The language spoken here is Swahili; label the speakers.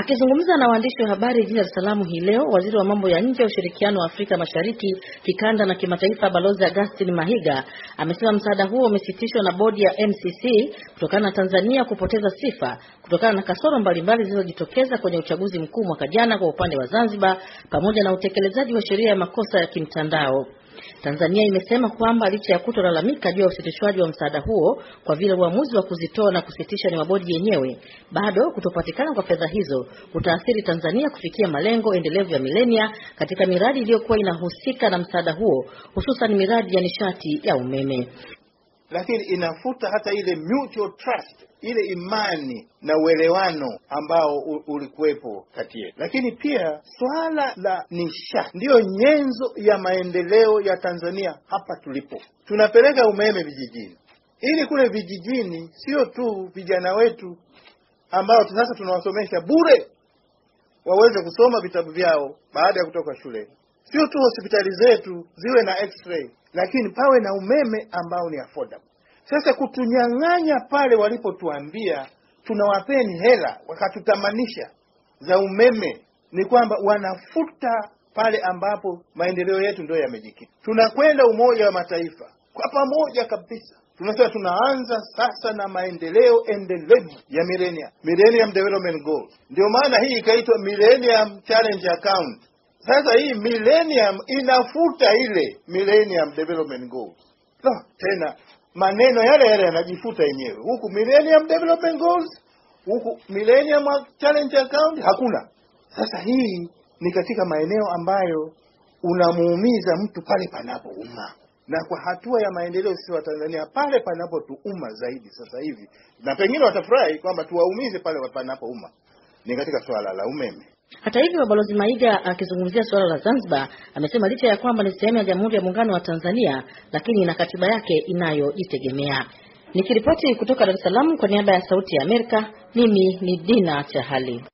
Speaker 1: Akizungumza na waandishi wa habari jijini Dar es Salaam hii leo, waziri wa mambo ya nje ya ushirikiano wa Afrika Mashariki, kikanda na kimataifa, Balozi Augustine Mahiga amesema msaada huo umesitishwa na bodi ya MCC kutokana na Tanzania kupoteza sifa kutokana na kasoro mbalimbali zilizojitokeza kwenye uchaguzi mkuu mwaka jana kwa upande wa Zanzibar, pamoja na utekelezaji wa sheria ya makosa ya kimtandao. Tanzania imesema kwamba licha ya kutolalamika juu ya usitishwaji wa msaada huo kwa vile uamuzi wa kuzitoa na kusitisha ni wabodi yenyewe, bado kutopatikana kwa fedha hizo kutaathiri Tanzania kufikia malengo endelevu ya milenia katika miradi iliyokuwa inahusika na msaada huo, hususan miradi ya nishati ya umeme.
Speaker 2: Lakini inafuta hata ile mutual trust ile imani na uelewano ambao ulikuwepo kati yetu. Lakini pia swala la nishati ndiyo nyenzo ya maendeleo ya Tanzania. Hapa tulipo tunapeleka umeme vijijini, ili kule vijijini sio tu vijana wetu ambao sasa tunawasomesha bure waweze kusoma vitabu vyao baada ya kutoka shule, sio tu hospitali zetu ziwe na x-ray, lakini pawe na umeme ambao ni affordable. Sasa kutunyang'anya pale walipotuambia tunawapeni hela, wakatutamanisha za umeme, ni kwamba wanafuta pale ambapo maendeleo yetu ndio yamejikita. Tunakwenda Umoja wa Mataifa kwa pamoja kabisa, tunasema tunaanza sasa na maendeleo endelevu ya millennium, millennium development goals. Ndio maana hii ikaitwa millennium challenge account. Sasa hii millennium inafuta ile millennium development goals. No, tena maneno yale yale yanajifuta yenyewe huku Millennium Development Goals, huku Millennium Challenge Account hakuna. Sasa hii ni katika maeneo ambayo unamuumiza mtu pale panapouma, na kwa hatua ya maendeleo sisi wa Tanzania pale panapotuuma zaidi sasa hivi, na pengine watafurahi kwamba tuwaumize pale panapouma, ni katika swala la umeme.
Speaker 1: Hata hivyo, Balozi Maiga akizungumzia suala la Zanzibar amesema licha ya kwamba ni sehemu ya Jamhuri ya Muungano wa Tanzania, lakini ina katiba yake inayojitegemea. Nikiripoti kutoka Dar es Salaam kwa niaba ya Sauti ya Amerika, mimi ni Dina Chahali.